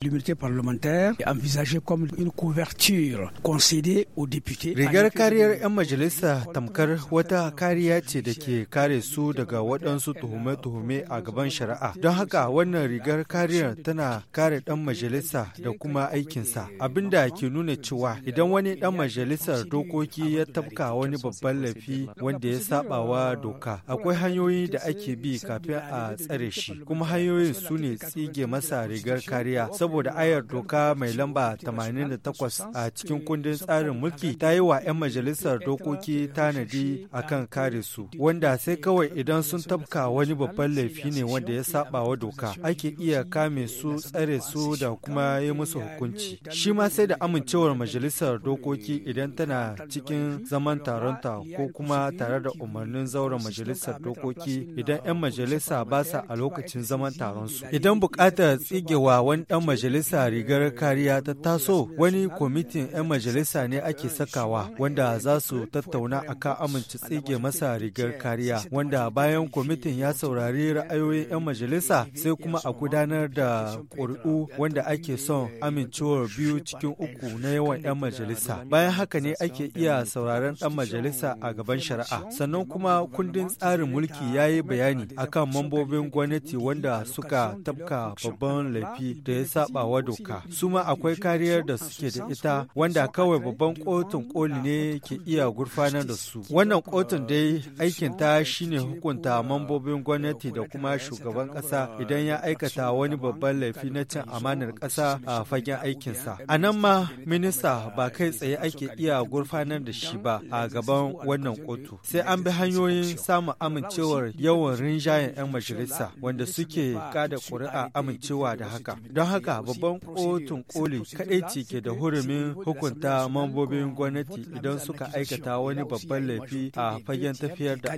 L'immunité parlementaire est envisagée comme une couverture concédée aux députés. Rigar kariyar 'yan majalisa tamkar wata kariya ce da ke kare su daga waɗansu tuhume-tuhume a gaban shari'a. Don haka wannan rigar kariyar tana kare ɗan majalisa da kuma aikinsa. Abinda ke nuna cewa idan wani ɗan majalisar dokoki ya tafka wani babban laifi wanda ya sabawa doka, akwai hanyoyi da ake bi kafin a tsare shi, kuma hanyoyin su ne tsige masa rigar kariya. saboda ayar doka mai lamba 88 a cikin kundin tsarin mulki ta yi wa 'yan majalisar dokoki tanadi a kan kare su, wanda sai kawai idan sun tabka wani babban laifi ne wanda ya saba wa doka ake iya kame su tsare su da kuma yi musu hukunci. Shi ma sai da amincewar majalisar dokoki idan tana cikin zaman taronta ko kuma tare da umarnin zauren majalisar dokoki idan 'yan majalisa ba sa a lokacin zaman taron su. Idan bukatar tsigewa wani dan majalisa rigar kariya ta taso wani kwamitin 'yan majalisa ne ake sakawa wanda za su tattauna akan amince tsige masa rigar kariya wanda bayan kwamitin ya saurari ra'ayoyin 'yan majalisa sai kuma a gudanar da ƙuri'u wanda ake son amincewar biyu cikin uku na yawan 'yan majalisa bayan haka ne ake iya sauraron ɗan majalisa a gaban shari'a sannan kuma kundin tsarin mulki ya yi bayani akan mambobin gwamnati wanda suka tabka babban laifi da ya sa zaɓawa doka su ma akwai kariyar da suke da ita wanda kawai babban kotun koli ne ke iya gurfanar da su wannan kotun dai aikin ta shine hukunta mambobin gwamnati da kuma shugaban ƙasa idan ya aikata wani babban laifi na cin amanar ƙasa a fagen aikinsa a nan ma minista ba kai tsaye ake iya gurfanar da shi ba a gaban wannan kotu sai an bi hanyoyin samun amincewar yawan rinjayen 'yan majalisa wanda suke kada ƙuri'a amincewa da haka don haka La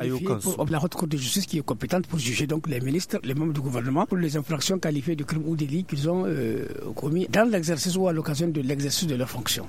haute cour de justice qui est compétente pour juger donc les ministres, les membres du gouvernement pour les infractions qualifiées de crimes ou délits qu'ils ont euh, commis dans l'exercice ou à l'occasion de l'exercice de leurs fonctions.